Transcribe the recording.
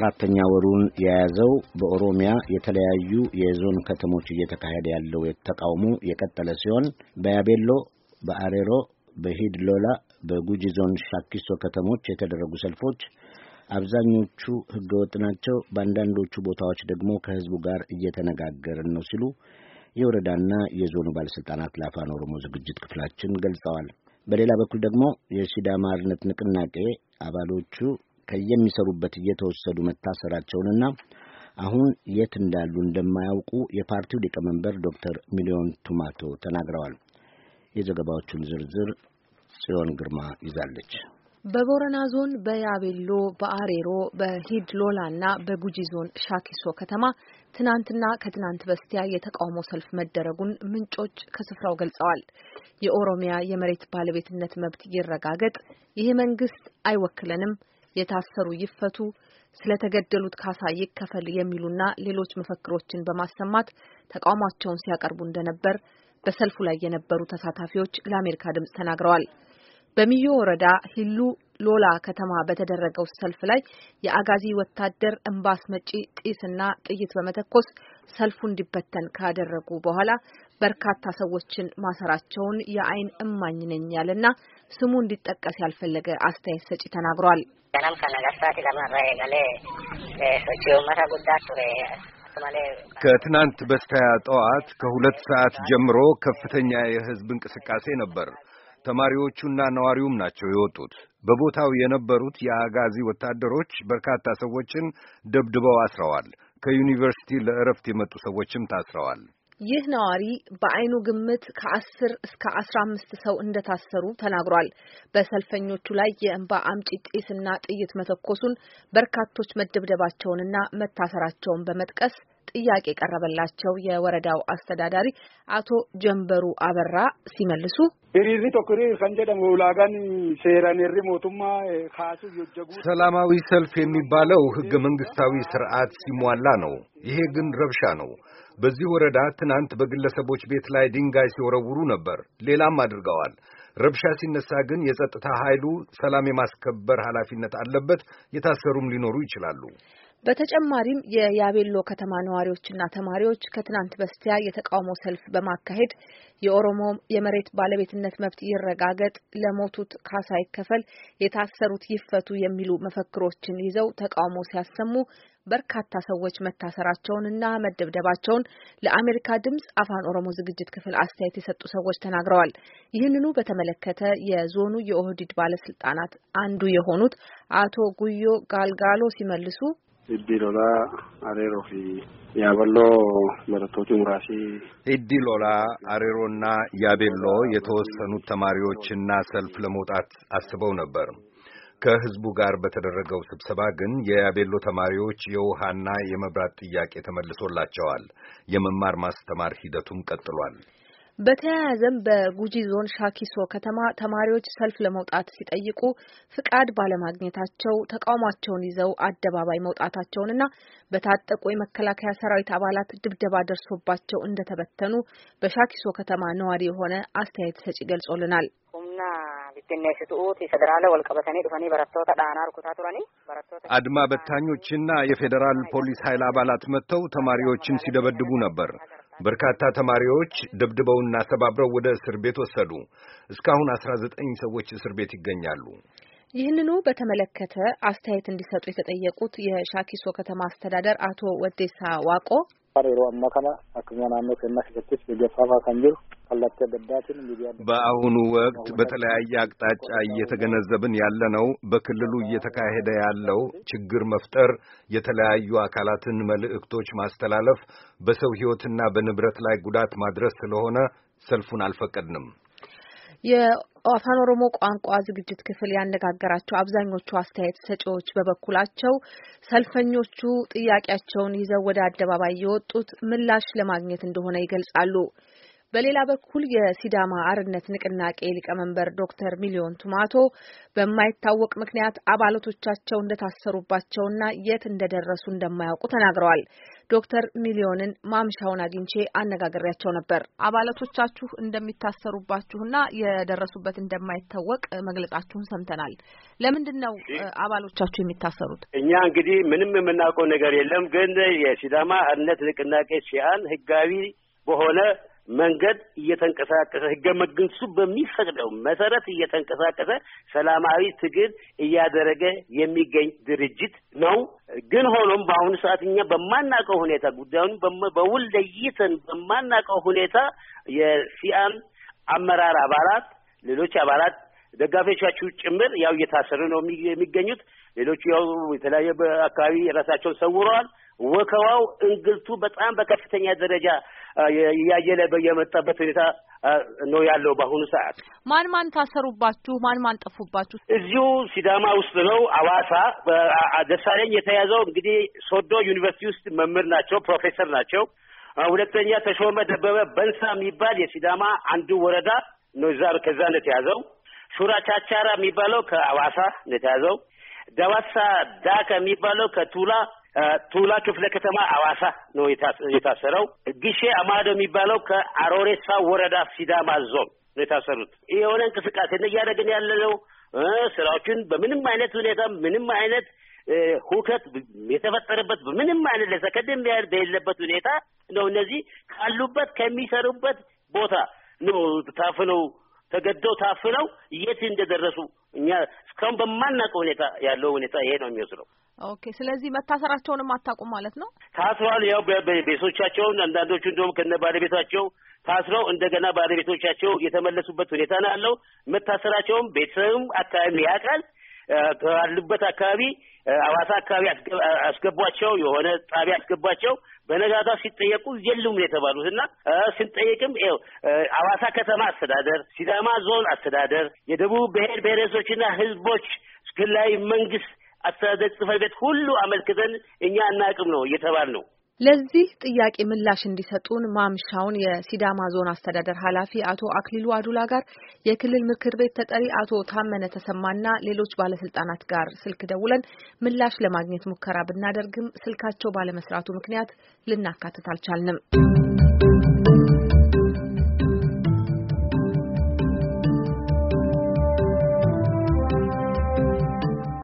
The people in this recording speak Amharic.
አራተኛ ወሩን የያዘው በኦሮሚያ የተለያዩ የዞን ከተሞች እየተካሄደ ያለው ተቃውሞ የቀጠለ ሲሆን በያቤሎ፣ በአሬሮ፣ በሂድሎላ፣ በጉጂ ዞን ሻኪሶ ከተሞች የተደረጉ ሰልፎች አብዛኞቹ ህገወጥ ናቸው፣ በአንዳንዶቹ ቦታዎች ደግሞ ከህዝቡ ጋር እየተነጋገርን ነው ሲሉ የወረዳና የዞኑ ባለስልጣናት ለአፋን ኦሮሞ ዝግጅት ክፍላችን ገልጸዋል። በሌላ በኩል ደግሞ የሲዳማ አርነት ንቅናቄ አባሎቹ ከየሚሰሩበት እየተወሰዱ መታሰራቸውንና አሁን የት እንዳሉ እንደማያውቁ የፓርቲው ሊቀመንበር ዶክተር ሚሊዮን ቱማቶ ተናግረዋል። የዘገባዎቹን ዝርዝር ጽዮን ግርማ ይዛለች። በቦረና ዞን በያቤሎ፣ በአሬሮ፣ በሂድሎላ ና በጉጂ ዞን ሻኪሶ ከተማ ትናንትና ከትናንት በስቲያ የተቃውሞ ሰልፍ መደረጉን ምንጮች ከስፍራው ገልጸዋል። የኦሮሚያ የመሬት ባለቤትነት መብት ይረጋገጥ፣ ይህ መንግስት አይወክለንም፣ የታሰሩ ይፈቱ፣ ስለተገደሉት ካሳ ይከፈል የሚሉና ሌሎች መፈክሮችን በማሰማት ተቃውሟቸውን ሲያቀርቡ እንደነበር በሰልፉ ላይ የነበሩ ተሳታፊዎች ለአሜሪካ ድምጽ ተናግረዋል። በሚዮ ወረዳ ሂሉ ሎላ ከተማ በተደረገው ሰልፍ ላይ የአጋዚ ወታደር እንባስ መጪ ጢስና ጥይት በመተኮስ ሰልፉ እንዲበተን ካደረጉ በኋላ በርካታ ሰዎችን ማሰራቸውን የአይን እማኝ ነኝ ያለና ስሙ እንዲጠቀስ ያልፈለገ አስተያየት ሰጪ ተናግሯል። Ganam kan agarsaati kanarra eegalee sochii uummata guddaa ture. ከትናንት በስተያ ጠዋት ከሁለት ሰዓት ጀምሮ ከፍተኛ የህዝብ እንቅስቃሴ ነበር። ተማሪዎቹና ነዋሪውም ናቸው የወጡት። በቦታው የነበሩት የአጋዚ ወታደሮች በርካታ ሰዎችን ደብድበው አስረዋል። ከዩኒቨርሲቲ ለእረፍት የመጡ ሰዎችም ታስረዋል። ይህ ነዋሪ በአይኑ ግምት ከአስር እስከ አስራ አምስት ሰው እንደታሰሩ ተናግሯል። በሰልፈኞቹ ላይ የእንባ አምጪ ጢስና ጥይት መተኮሱን በርካቶች መደብደባቸውንና መታሰራቸውን በመጥቀስ ጥያቄ ቀረበላቸው። የወረዳው አስተዳዳሪ አቶ ጀንበሩ አበራ ሲመልሱ ሰላማዊ ሰልፍ የሚባለው ህገ መንግስታዊ ስርዓት ሲሟላ ነው። ይሄ ግን ረብሻ ነው። በዚህ ወረዳ ትናንት በግለሰቦች ቤት ላይ ድንጋይ ሲወረውሩ ነበር። ሌላም አድርገዋል። ረብሻ ሲነሳ ግን የጸጥታ ኃይሉ ሰላም የማስከበር ኃላፊነት አለበት። የታሰሩም ሊኖሩ ይችላሉ። በተጨማሪም የያቤሎ ከተማ ነዋሪዎችና ተማሪዎች ከትናንት በስቲያ የተቃውሞ ሰልፍ በማካሄድ የኦሮሞ የመሬት ባለቤትነት መብት ይረጋገጥ፣ ለሞቱት ካሳ ይከፈል፣ የታሰሩት ይፈቱ የሚሉ መፈክሮችን ይዘው ተቃውሞ ሲያሰሙ በርካታ ሰዎች መታሰራቸውንና መደብደባቸውን ለአሜሪካ ድምጽ አፋን ኦሮሞ ዝግጅት ክፍል አስተያየት የሰጡ ሰዎች ተናግረዋል። ይህንኑ በተመለከተ የዞኑ የኦህዲድ ባለስልጣናት አንዱ የሆኑት አቶ ጉዮ ጋልጋሎ ሲመልሱ Iddii lolaa areeroo fi ያበሎ መረቶቹ ሙራሲ ኢዲ አሬሮና ያቤሎ የተወሰኑት ተማሪዎችና ሰልፍ ለመውጣት አስበው ነበር። ከህዝቡ ጋር በተደረገው ስብሰባ ግን የያቤሎ ተማሪዎች የውሃና የመብራት ጥያቄ ተመልሶላቸዋል። የመማር ማስተማር ሂደቱም ቀጥሏል። በተያያዘም በጉጂ ዞን ሻኪሶ ከተማ ተማሪዎች ሰልፍ ለመውጣት ሲጠይቁ ፍቃድ ባለማግኘታቸው ተቃውሟቸውን ይዘው አደባባይ መውጣታቸውንና በታጠቁ የመከላከያ ሰራዊት አባላት ድብደባ ደርሶባቸው እንደተበተኑ በሻኪሶ ከተማ ነዋሪ የሆነ አስተያየት ሰጪ ገልጾልናል። አድማ በታኞችና የፌዴራል ፖሊስ ኃይል አባላት መጥተው ተማሪዎችን ሲደበድቡ ነበር። በርካታ ተማሪዎች ደብድበውና ሰባብረው ወደ እስር ቤት ወሰዱ። እስካሁን አስራ ዘጠኝ ሰዎች እስር ቤት ይገኛሉ። ይህንኑ በተመለከተ አስተያየት እንዲሰጡ የተጠየቁት የሻኪሶ ከተማ አስተዳደር አቶ ወዴሳ ዋቆ ሮአማከና አማካና ናኖ ከና ገቶች በጀፋፋ ከንጅሩ በአሁኑ ወቅት በተለያየ አቅጣጫ እየተገነዘብን ያለነው በክልሉ እየተካሄደ ያለው ችግር መፍጠር፣ የተለያዩ አካላትን መልእክቶች ማስተላለፍ፣ በሰው ሕይወትና በንብረት ላይ ጉዳት ማድረስ ስለሆነ ሰልፉን አልፈቀድንም። የአፋን ኦሮሞ ቋንቋ ዝግጅት ክፍል ያነጋገራቸው አብዛኞቹ አስተያየት ሰጪዎች በበኩላቸው ሰልፈኞቹ ጥያቄያቸውን ይዘው ወደ አደባባይ የወጡት ምላሽ ለማግኘት እንደሆነ ይገልጻሉ። በሌላ በኩል የሲዳማ አርነት ንቅናቄ ሊቀመንበር ዶክተር ሚሊዮን ቱማቶ በማይታወቅ ምክንያት አባላቶቻቸው እንደታሰሩባቸውና የት እንደደረሱ እንደማያውቁ ተናግረዋል። ዶክተር ሚሊዮንን ማምሻውን አግኝቼ አነጋግሬያቸው ነበር። አባላቶቻችሁ እንደሚታሰሩባችሁና የደረሱበት እንደማይታወቅ መግለጻችሁን ሰምተናል። ለምንድን ነው አባሎቻችሁ የሚታሰሩት? እኛ እንግዲህ ምንም የምናውቀው ነገር የለም። ግን የሲዳማ አርነት ንቅናቄ ሲያን ህጋዊ በሆነ መንገድ እየተንቀሳቀሰ ህገ መንግስቱ በሚፈቅደው መሰረት እየተንቀሳቀሰ ሰላማዊ ትግል እያደረገ የሚገኝ ድርጅት ነው። ግን ሆኖም በአሁኑ ሰዓት እኛ በማናውቀው ሁኔታ ጉዳዩን በውል ለይተን በማናውቀው ሁኔታ የሲአን አመራር አባላት፣ ሌሎች አባላት ደጋፊዎቻችሁ ጭምር ያው እየታሰሩ ነው የሚገኙት። ሌሎቹ ያው የተለያየ አካባቢ ራሳቸውን ሰውረዋል። ወከዋው እንግልቱ በጣም በከፍተኛ ደረጃ እያየለ የመጣበት ሁኔታ ነው ያለው። በአሁኑ ሰዓት ማን ማን ታሰሩባችሁ? ማን ማን ጠፉባችሁ? እዚሁ ሲዳማ ውስጥ ነው አዋሳ። ደሳለኝ የተያዘው እንግዲህ ሶዶ ዩኒቨርሲቲ ውስጥ መምህር ናቸው፣ ፕሮፌሰር ናቸው። ሁለተኛ ተሾመ ደበበ በንሳ የሚባል የሲዳማ አንዱ ወረዳ ነው፣ እዛ ከዛ ነው የተያዘው። ሹራ ቻቻራ የሚባለው ከአዋሳ ነው የተያዘው። ደዋሳ ዳከ የሚባለው ከቱላ ቱላ ክፍለ ከተማ አዋሳ ነው የታሰረው። ግሼ አማዶ የሚባለው ከአሮሬሳ ወረዳ ሲዳማ ዞን ነው የታሰሩት። የሆነ እንቅስቃሴ እያደረግን ያለነው ስራዎችን በምንም አይነት ሁኔታ ምንም አይነት ሁከት የተፈጠረበት በምንም አይነት ለሰከድም ያህል በሌለበት ሁኔታ ነው እነዚህ ካሉበት ከሚሰሩበት ቦታ ነው ታፍነው ተገደው ታፍነው የት እንደደረሱ እኛ እስካሁን በማናውቀው ሁኔታ ያለው ሁኔታ ይሄ ነው የሚወስደው። ኦኬ። ስለዚህ መታሰራቸውንም አታውቁም ማለት ነው? ታስሯል። ያው ቤቶቻቸውን አንዳንዶቹ እንደውም ከነ ባለቤታቸው ታስረው እንደገና ባለቤቶቻቸው የተመለሱበት ሁኔታ ነው ያለው። መታሰራቸውም ቤተሰብም አካባቢ ያውቃል። ካሉበት አካባቢ አዋሳ አካባቢ አስገቧቸው፣ የሆነ ጣቢያ አስገቧቸው። በነጋታ ሲጠየቁ የሉም ነው የተባሉት እና ስንጠየቅም ው አዋሳ ከተማ አስተዳደር፣ ሲዳማ ዞን አስተዳደር፣ የደቡብ ብሔር ብሔረሰቦችና ህዝቦች ክልላዊ መንግስት አስተዳደር ጽህፈት ቤት ሁሉ አመልክተን እኛ አናቅም ነው እየተባል ነው። ለዚህ ጥያቄ ምላሽ እንዲሰጡን ማምሻውን የሲዳማ ዞን አስተዳደር ኃላፊ አቶ አክሊሉ አዱላ ጋር የክልል ምክር ቤት ተጠሪ አቶ ታመነ ተሰማና ሌሎች ባለስልጣናት ጋር ስልክ ደውለን ምላሽ ለማግኘት ሙከራ ብናደርግም ስልካቸው ባለመስራቱ ምክንያት ልናካትት አልቻልንም።